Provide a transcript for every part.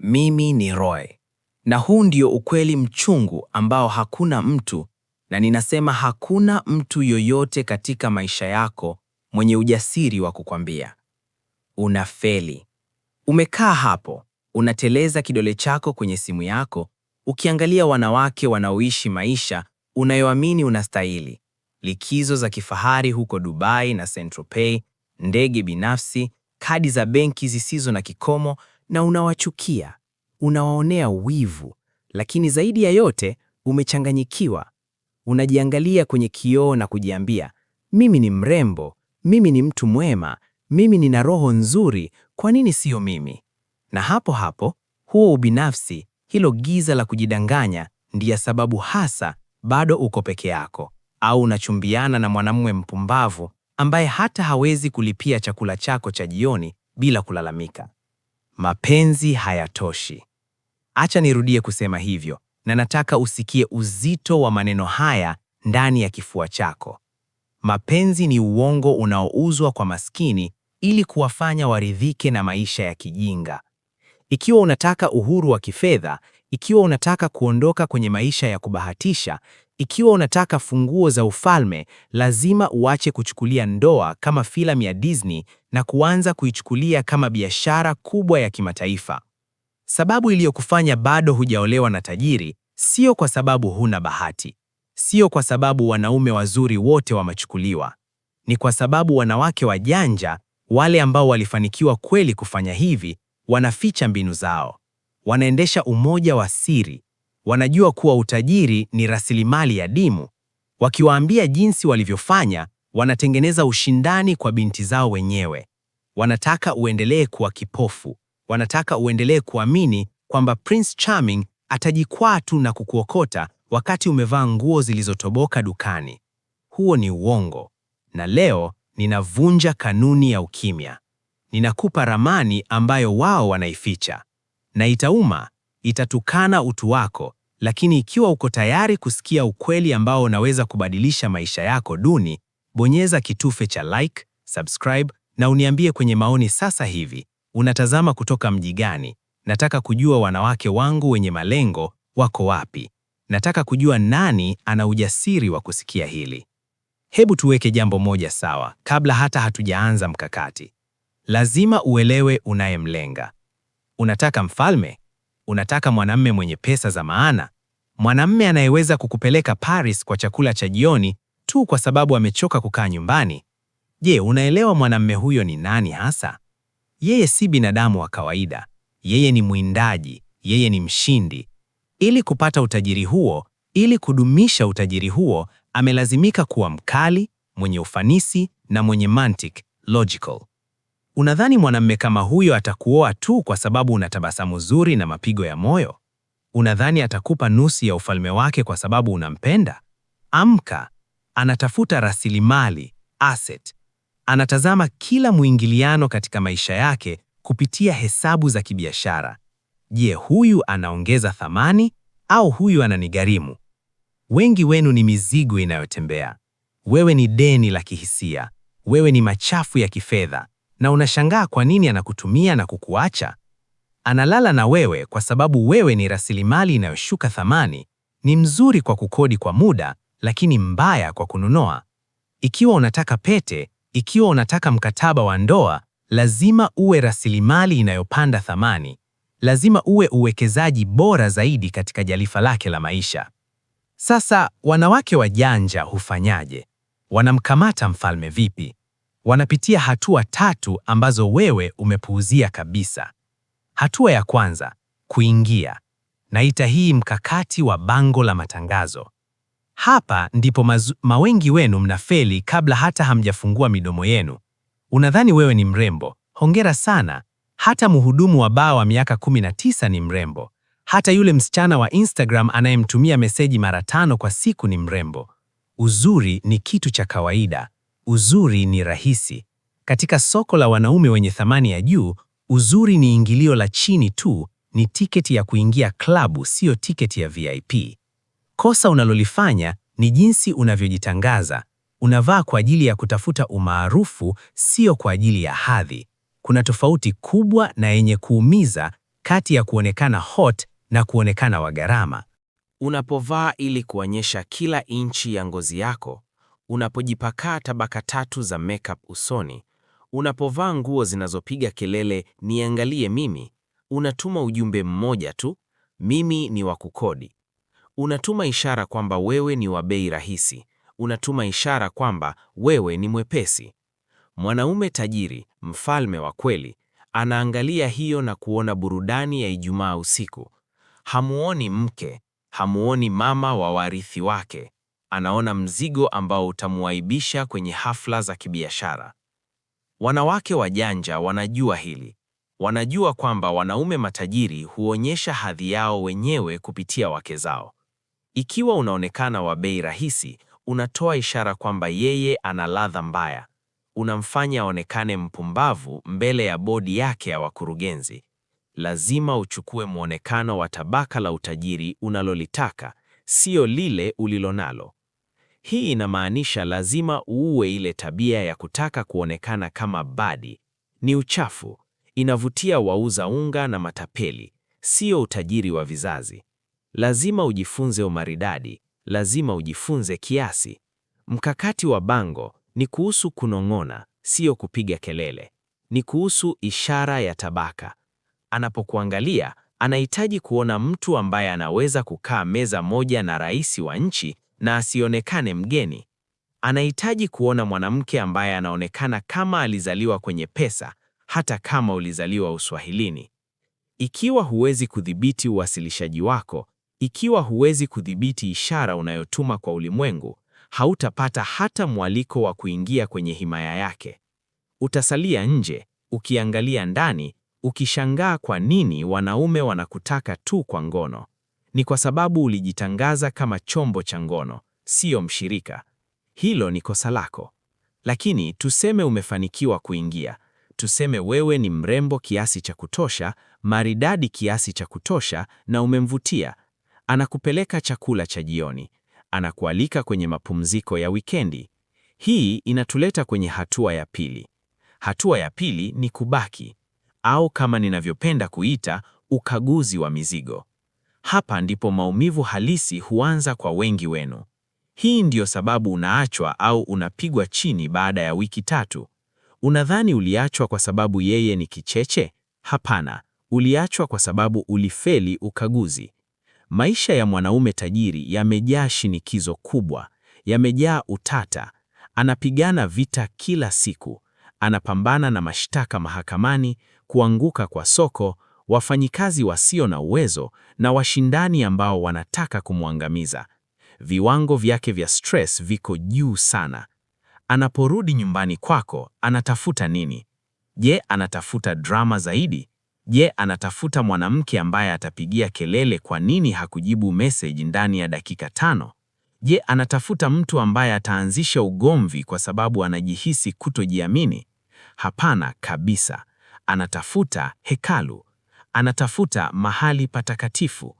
mimi ni Roy, na huu ndio ukweli mchungu ambao hakuna mtu, na ninasema hakuna mtu yoyote katika maisha yako mwenye ujasiri wa kukwambia. Unafeli. Umekaa hapo, unateleza kidole chako kwenye simu yako, ukiangalia wanawake wanaoishi maisha unayoamini unastahili. Likizo za kifahari huko Dubai na Central Pay, ndege binafsi, kadi za benki zisizo na kikomo na unawachukia, unawaonea wivu, lakini zaidi ya yote umechanganyikiwa. Unajiangalia kwenye kioo na kujiambia, mimi ni mrembo, mimi ni mtu mwema, mimi nina roho nzuri, kwa nini siyo mimi? Na hapo hapo huo ubinafsi, hilo giza la kujidanganya, ndiyo sababu hasa bado uko peke yako, au unachumbiana na mwanamume mpumbavu ambaye hata hawezi kulipia chakula chako cha jioni bila kulalamika mapenzi hayatoshi. Acha nirudie kusema hivyo, na nataka usikie uzito wa maneno haya ndani ya kifua chako. Mapenzi ni uongo unaouzwa kwa maskini ili kuwafanya waridhike na maisha ya kijinga. Ikiwa unataka uhuru wa kifedha, ikiwa unataka kuondoka kwenye maisha ya kubahatisha, ikiwa unataka funguo za ufalme, lazima uache kuchukulia ndoa kama filamu ya Disney na kuanza kuichukulia kama biashara kubwa ya kimataifa. Sababu iliyokufanya bado hujaolewa na tajiri sio kwa sababu huna bahati, sio kwa sababu wanaume wazuri wote wamechukuliwa. Ni kwa sababu wanawake wajanja, wale ambao walifanikiwa kweli kufanya hivi, wanaficha mbinu zao, wanaendesha umoja wa siri wanajua kuwa utajiri ni rasilimali adimu. Wakiwaambia jinsi walivyofanya, wanatengeneza ushindani kwa binti zao wenyewe. Wanataka uendelee kuwa kipofu, wanataka uendelee kuamini kwamba Prince Charming atajikwaa tu na kukuokota wakati umevaa nguo zilizotoboka dukani. Huo ni uongo, na leo ninavunja kanuni ya ukimya. Ninakupa ramani ambayo wao wanaificha, na itauma, itatukana utu wako, lakini ikiwa uko tayari kusikia ukweli ambao unaweza kubadilisha maisha yako duni, bonyeza kitufe cha like, subscribe na uniambie kwenye maoni sasa hivi, unatazama kutoka mji gani? Nataka kujua wanawake wangu wenye malengo wako wapi? Nataka kujua nani ana ujasiri wa kusikia hili. Hebu tuweke jambo moja sawa kabla hata hatujaanza mkakati. Lazima uelewe unayemlenga. Unataka mfalme? unataka mwanamme mwenye pesa za maana, mwanamme anayeweza kukupeleka Paris kwa chakula cha jioni tu kwa sababu amechoka kukaa nyumbani. Je, unaelewa mwanamme huyo ni nani hasa? Yeye si binadamu wa kawaida. Yeye ni mwindaji, yeye ni mshindi. Ili kupata utajiri huo, ili kudumisha utajiri huo, amelazimika kuwa mkali, mwenye ufanisi na mwenye mantiki, logical. Unadhani mwanamume kama huyo atakuoa tu kwa sababu una tabasamu zuri na mapigo ya moyo? Unadhani atakupa nusu ya ufalme wake kwa sababu unampenda? Amka! Anatafuta rasilimali asset. Anatazama kila mwingiliano katika maisha yake kupitia hesabu za kibiashara. Je, huyu anaongeza thamani au huyu ananigharimu? Wengi wenu ni mizigo inayotembea. Wewe ni deni la kihisia, wewe ni machafu ya kifedha, na unashangaa kwa nini anakutumia na kukuacha. Analala na wewe kwa sababu wewe ni rasilimali inayoshuka thamani, ni mzuri kwa kukodi kwa muda, lakini mbaya kwa kununua. Ikiwa unataka pete, ikiwa unataka mkataba wa ndoa, lazima uwe rasilimali inayopanda thamani. Lazima uwe uwekezaji bora zaidi katika jalifa lake la maisha. Sasa wanawake wajanja hufanyaje? Wanamkamata mfalme vipi? wanapitia hatua tatu ambazo wewe umepuuzia kabisa. Hatua ya kwanza, kuingia. Naita hii mkakati wa bango la matangazo. Hapa ndipo mawengi wenu mnafeli kabla hata hamjafungua midomo yenu. Unadhani wewe ni mrembo? Hongera sana. Hata mhudumu wa baa wa miaka 19 ni mrembo. Hata yule msichana wa Instagram anayemtumia meseji mara tano kwa siku ni mrembo. Uzuri ni kitu cha kawaida. Uzuri ni rahisi. Katika soko la wanaume wenye thamani ya juu, uzuri ni ingilio la chini tu, ni tiketi ya kuingia klabu, siyo tiketi ya VIP. Kosa unalolifanya ni jinsi unavyojitangaza. Unavaa kwa ajili ya kutafuta umaarufu, sio kwa ajili ya hadhi. Kuna tofauti kubwa na yenye kuumiza kati ya kuonekana hot na kuonekana wa gharama. Unapovaa ili kuonyesha kila inchi ya ngozi yako, unapojipaka tabaka tatu za makeup usoni, unapovaa nguo zinazopiga kelele niangalie mimi, unatuma ujumbe mmoja tu, mimi ni wa kukodi. Unatuma ishara kwamba wewe ni wa bei rahisi, unatuma ishara kwamba wewe ni mwepesi. Mwanaume tajiri, mfalme wa kweli, anaangalia hiyo na kuona burudani ya Ijumaa usiku. Hamuoni mke, hamuoni mama wa warithi wake, anaona mzigo ambao utamwaibisha kwenye hafla za kibiashara. Wanawake wajanja wanajua hili. Wanajua kwamba wanaume matajiri huonyesha hadhi yao wenyewe kupitia wake zao. Ikiwa unaonekana wa bei rahisi, unatoa ishara kwamba yeye ana ladha mbaya. Unamfanya aonekane mpumbavu mbele ya bodi yake ya wakurugenzi. Lazima uchukue mwonekano wa tabaka la utajiri unalolitaka, sio lile ulilonalo. Hii inamaanisha lazima uue ile tabia ya kutaka kuonekana kama badi. Ni uchafu, inavutia wauza unga na matapeli, sio utajiri wa vizazi. Lazima ujifunze umaridadi, lazima ujifunze kiasi. Mkakati wa Bango ni kuhusu kunong'ona, sio kupiga kelele. Ni kuhusu ishara ya tabaka. Anapokuangalia, anahitaji kuona mtu ambaye anaweza kukaa meza moja na rais wa nchi na asionekane mgeni. Anahitaji kuona mwanamke ambaye anaonekana kama alizaliwa kwenye pesa, hata kama ulizaliwa Uswahilini. Ikiwa huwezi kudhibiti uwasilishaji wako, ikiwa huwezi kudhibiti ishara unayotuma kwa ulimwengu, hautapata hata mwaliko wa kuingia kwenye himaya yake. Utasalia nje, ukiangalia ndani, ukishangaa kwa nini wanaume wanakutaka tu kwa ngono ni kwa sababu ulijitangaza kama chombo cha ngono, siyo mshirika. Hilo ni kosa lako. Lakini tuseme umefanikiwa kuingia, tuseme wewe ni mrembo kiasi cha kutosha, maridadi kiasi cha kutosha, na umemvutia. Anakupeleka chakula cha jioni, anakualika kwenye mapumziko ya wikendi. Hii inatuleta kwenye hatua ya pili. Hatua ya pili ni kubaki, au kama ninavyopenda kuita, ukaguzi wa mizigo. Hapa ndipo maumivu halisi huanza kwa wengi wenu. Hii ndiyo sababu unaachwa au unapigwa chini baada ya wiki tatu. Unadhani uliachwa kwa sababu yeye ni kicheche? Hapana, uliachwa kwa sababu ulifeli ukaguzi. Maisha ya mwanaume tajiri yamejaa shinikizo kubwa, yamejaa utata. Anapigana vita kila siku, anapambana na mashtaka mahakamani, kuanguka kwa soko wafanyikazi wasio na uwezo na washindani ambao wanataka kumwangamiza. Viwango vyake vya stress viko juu sana. Anaporudi nyumbani kwako, anatafuta nini? Je, anatafuta drama zaidi? Je, anatafuta mwanamke ambaye atapigia kelele kwa nini hakujibu message ndani ya dakika tano? Je, anatafuta mtu ambaye ataanzisha ugomvi kwa sababu anajihisi kutojiamini? Hapana kabisa. Anatafuta hekalu, anatafuta mahali patakatifu.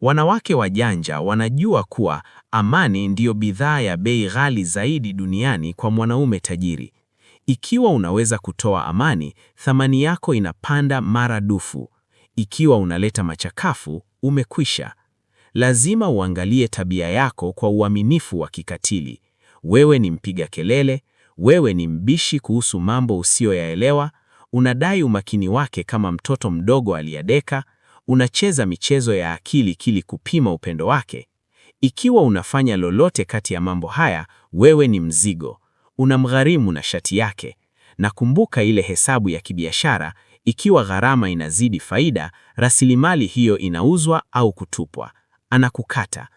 Wanawake wajanja wanajua kuwa amani ndiyo bidhaa ya bei ghali zaidi duniani kwa mwanaume tajiri. Ikiwa unaweza kutoa amani, thamani yako inapanda mara dufu Ikiwa unaleta machakafu, umekwisha. Lazima uangalie tabia yako kwa uaminifu wa kikatili. Wewe ni mpiga kelele, wewe ni mbishi kuhusu mambo usiyoyaelewa, unadai umakini wake kama mtoto mdogo aliyedeka, unacheza michezo ya akili kili kupima upendo wake. Ikiwa unafanya lolote kati ya mambo haya, wewe ni mzigo, unamgharimu na shati yake. nakumbuka ile hesabu ya kibiashara, ikiwa gharama inazidi faida, rasilimali hiyo inauzwa au kutupwa. Anakukata.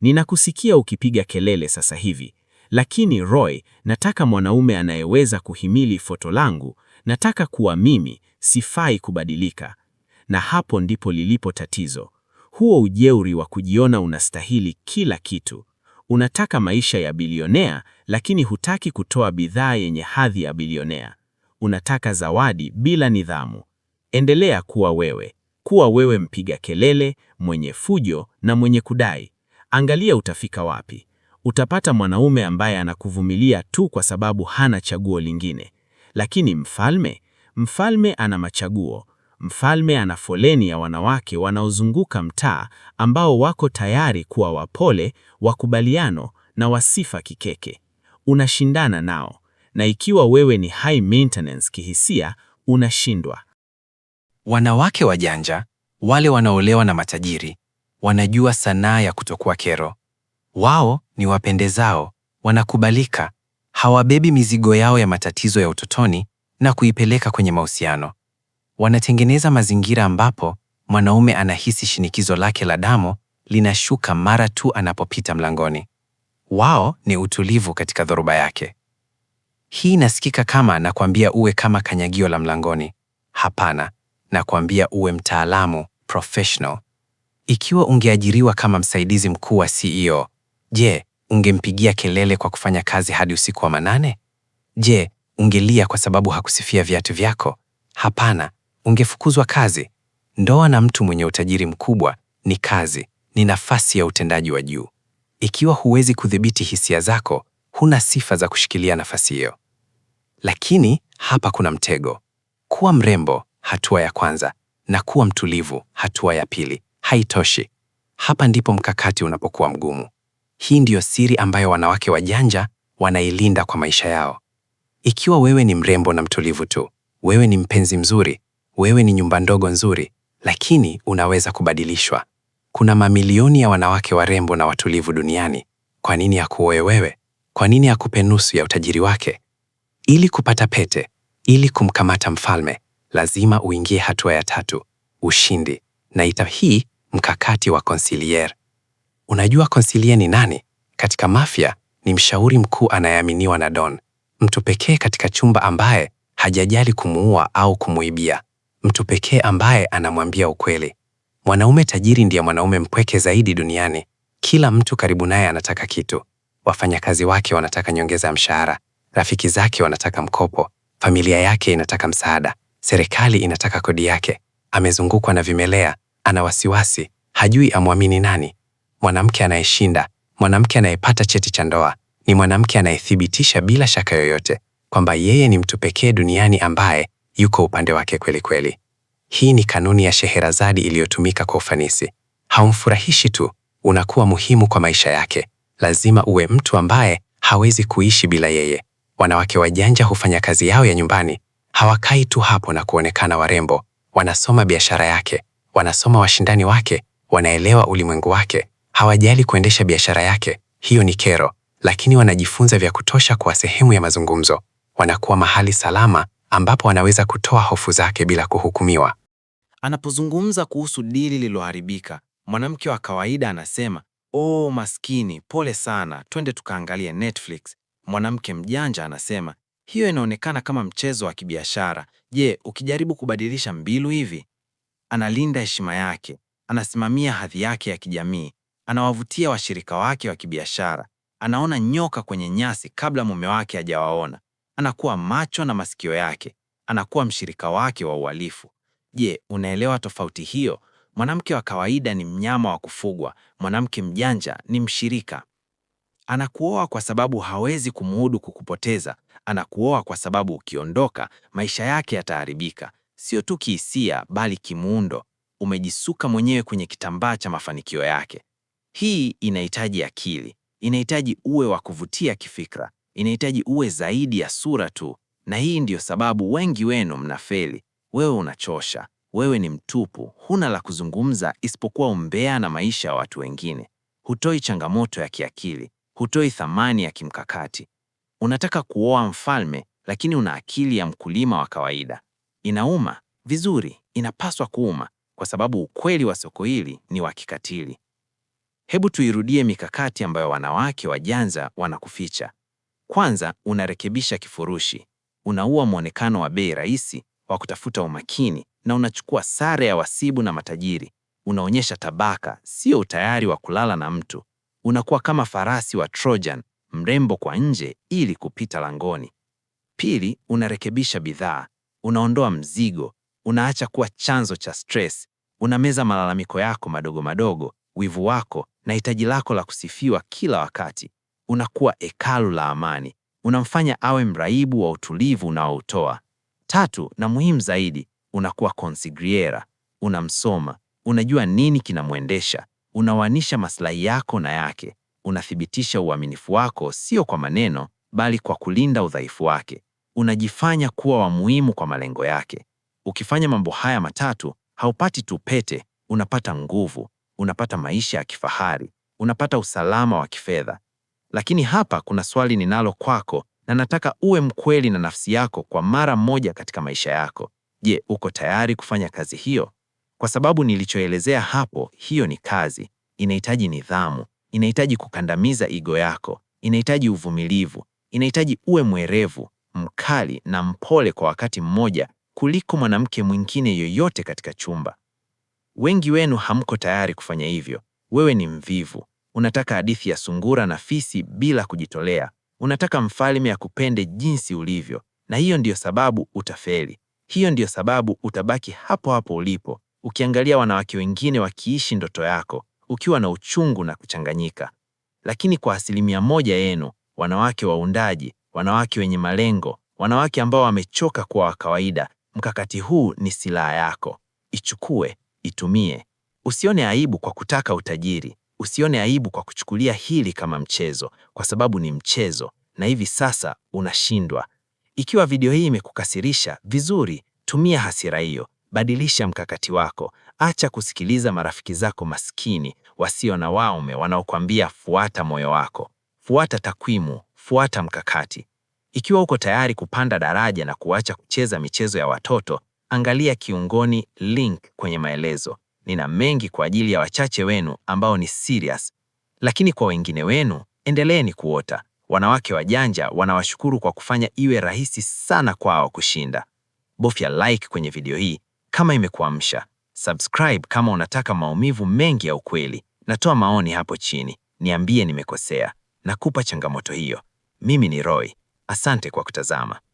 Ninakusikia ukipiga kelele sasa hivi, lakini Roy, nataka mwanaume anayeweza kuhimili foto langu, Nataka kuwa mimi, sifai kubadilika. Na hapo ndipo lilipo tatizo. Huo ujeuri wa kujiona unastahili kila kitu. Unataka maisha ya bilionea, lakini hutaki kutoa bidhaa yenye hadhi ya bilionea. Unataka zawadi bila nidhamu. Endelea kuwa wewe, kuwa wewe, mpiga kelele, mwenye fujo na mwenye kudai. Angalia utafika wapi. Utapata mwanaume ambaye anakuvumilia tu kwa sababu hana chaguo lingine. Lakini mfalme, mfalme ana machaguo. Mfalme ana foleni ya wanawake wanaozunguka mtaa ambao wako tayari kuwa wapole, wakubaliano na wasifa kikeke. Unashindana nao, na ikiwa wewe ni high maintenance kihisia, unashindwa. Wanawake wajanja, wale wanaolewa na matajiri, wanajua sanaa ya kutokuwa kero. Wao ni wapendezao, wanakubalika, Hawabebi mizigo yao ya matatizo ya utotoni na kuipeleka kwenye mahusiano. Wanatengeneza mazingira ambapo mwanaume anahisi shinikizo lake la damu linashuka mara tu anapopita mlangoni. Wao ni utulivu katika dhoruba yake. Hii inasikika kama nakwambia uwe kama kanyagio la mlangoni. Hapana, nakwambia uwe mtaalamu professional. Ikiwa ungeajiriwa kama msaidizi mkuu wa CEO, je, ungempigia kelele kwa kufanya kazi hadi usiku wa manane? Je, ungelia kwa sababu hakusifia viatu vyako? Hapana, ungefukuzwa kazi. Ndoa na mtu mwenye utajiri mkubwa ni kazi, ni nafasi ya utendaji wa juu. Ikiwa huwezi kudhibiti hisia zako, huna sifa za kushikilia nafasi hiyo. Lakini hapa kuna mtego. Kuwa mrembo, hatua ya kwanza, na kuwa mtulivu, hatua ya pili. Haitoshi. Hapa ndipo mkakati unapokuwa mgumu. Hii ndiyo siri ambayo wanawake wajanja wanailinda kwa maisha yao. Ikiwa wewe ni mrembo na mtulivu tu, wewe ni mpenzi mzuri, wewe ni nyumba ndogo nzuri, lakini unaweza kubadilishwa. Kuna mamilioni ya wanawake warembo na watulivu duniani. Kwa nini akuoe wewe? Kwa nini akupe nusu ya utajiri wake? Ili kupata pete, ili kumkamata mfalme, lazima uingie hatua ya tatu, ushindi. Naita hii mkakati wa Consigliere. Unajua Consigliere ni nani? Katika Mafia ni mshauri mkuu anayeaminiwa na Don, mtu pekee katika chumba ambaye hajajali kumuua au kumuibia, mtu pekee ambaye anamwambia ukweli. Mwanaume tajiri ndiye mwanaume mpweke zaidi duniani. Kila mtu karibu naye anataka kitu. Wafanyakazi wake wanataka nyongeza ya mshahara, rafiki zake wanataka mkopo, familia yake inataka msaada, serikali inataka kodi yake. Amezungukwa na vimelea, ana wasiwasi, hajui amwamini nani mwanamke anayeshinda, mwanamke anayepata cheti cha ndoa, ni mwanamke anayethibitisha bila shaka yoyote kwamba yeye ni mtu pekee duniani ambaye yuko upande wake kweli kweli. Hii ni kanuni ya Scheherazade iliyotumika kwa ufanisi. Haumfurahishi tu, unakuwa muhimu kwa maisha yake. Lazima uwe mtu ambaye hawezi kuishi bila yeye. Wanawake wajanja hufanya kazi yao ya nyumbani, hawakai tu hapo na kuonekana warembo. Wanasoma biashara yake, wanasoma washindani wake, wanaelewa ulimwengu wake, Hawajali kuendesha biashara yake, hiyo ni kero, lakini wanajifunza vya kutosha kuwa sehemu ya mazungumzo. Wanakuwa mahali salama ambapo wanaweza kutoa hofu zake bila kuhukumiwa. Anapozungumza kuhusu dili lililoharibika, mwanamke wa kawaida anasema, "Oh, maskini, pole sana, twende tukaangalie Netflix." Mwanamke mjanja anasema, "Hiyo inaonekana kama mchezo wa kibiashara. Je, ukijaribu kubadilisha mbilu hivi?" Analinda heshima yake, anasimamia hadhi yake ya kijamii, anawavutia washirika wake wa kibiashara, anaona nyoka kwenye nyasi kabla mume wake hajawaona, anakuwa macho na masikio yake, anakuwa mshirika wake wa uhalifu. Je, unaelewa tofauti hiyo? Mwanamke wa kawaida ni mnyama wa kufugwa, mwanamke mjanja ni mshirika. Anakuoa kwa sababu hawezi kumudu kukupoteza, anakuoa kwa sababu ukiondoka maisha yake yataharibika, sio tu kihisia, bali kimuundo. Umejisuka mwenyewe kwenye kitambaa cha mafanikio yake. Hii inahitaji akili, inahitaji uwe wa kuvutia kifikra, inahitaji uwe zaidi ya sura tu. Na hii ndiyo sababu wengi wenu mnafeli. Wewe unachosha, wewe ni mtupu, huna la kuzungumza isipokuwa umbea na maisha ya watu wengine. Hutoi changamoto ya kiakili, hutoi thamani ya kimkakati. Unataka kuoa mfalme, lakini una akili ya mkulima wa kawaida. Inauma vizuri, inapaswa kuuma, kwa sababu ukweli wa soko hili ni wa kikatili. Hebu tuirudie mikakati ambayo wanawake wajanza wanakuficha. Kwanza, unarekebisha kifurushi, unaua mwonekano wa bei rahisi wa kutafuta umakini na unachukua sare ya wasibu na matajiri. Unaonyesha tabaka, sio utayari wa kulala na mtu. Unakuwa kama farasi wa Trojan, mrembo kwa nje ili kupita langoni. Pili, unarekebisha bidhaa, unaondoa mzigo, unaacha kuwa chanzo cha stress, unameza malalamiko yako madogo madogo, wivu wako na hitaji lako la kusifiwa kila wakati. Unakuwa hekalu la amani, unamfanya awe mraibu wa utulivu unaoutoa. Tatu, na muhimu zaidi, unakuwa consigliera, unamsoma, unajua nini kinamwendesha, unawanisha maslahi yako na yake, unathibitisha uaminifu wako sio kwa maneno, bali kwa kulinda udhaifu wake, unajifanya kuwa wa muhimu kwa malengo yake. Ukifanya mambo haya matatu, haupati tu pete, unapata nguvu, unapata maisha ya kifahari, unapata usalama wa kifedha. Lakini hapa kuna swali ninalo kwako, na nataka uwe mkweli na nafsi yako kwa mara moja katika maisha yako. Je, uko tayari kufanya kazi hiyo? Kwa sababu nilichoelezea hapo, hiyo ni kazi, inahitaji nidhamu, inahitaji kukandamiza ego yako, inahitaji uvumilivu, inahitaji uwe mwerevu, mkali na mpole kwa wakati mmoja kuliko mwanamke mwingine yoyote katika chumba. Wengi wenu hamko tayari kufanya hivyo. Wewe ni mvivu, unataka hadithi ya sungura na fisi bila kujitolea. Unataka mfalme akupende jinsi ulivyo, na hiyo ndiyo sababu utafeli. Hiyo ndiyo sababu utabaki hapo hapo ulipo, ukiangalia wanawake wengine wakiishi ndoto yako, ukiwa na uchungu na kuchanganyika. Lakini kwa asilimia moja yenu, wanawake waundaji, wanawake wenye malengo, wanawake ambao wamechoka kuwa wa kawaida, mkakati huu ni silaha yako. Ichukue itumie. Usione aibu kwa kutaka utajiri, usione aibu kwa kuchukulia hili kama mchezo, kwa sababu ni mchezo na hivi sasa unashindwa. Ikiwa video hii imekukasirisha vizuri, tumia hasira hiyo, badilisha mkakati wako. Acha kusikiliza marafiki zako maskini wasio na waume wanaokwambia fuata moyo wako, fuata takwimu, fuata mkakati. Ikiwa uko tayari kupanda daraja na kuacha kucheza michezo ya watoto, angalia kiungoni link kwenye maelezo. Nina mengi kwa ajili ya wachache wenu ambao ni serious, lakini kwa wengine wenu endeleeni kuota. Wanawake wajanja wanawashukuru kwa kufanya iwe rahisi sana kwao kushinda. Bofya like kwenye video hii kama imekuamsha, subscribe kama unataka maumivu mengi ya ukweli, natoa maoni hapo chini, niambie nimekosea. Nakupa changamoto hiyo. Mimi ni Roy, asante kwa kutazama.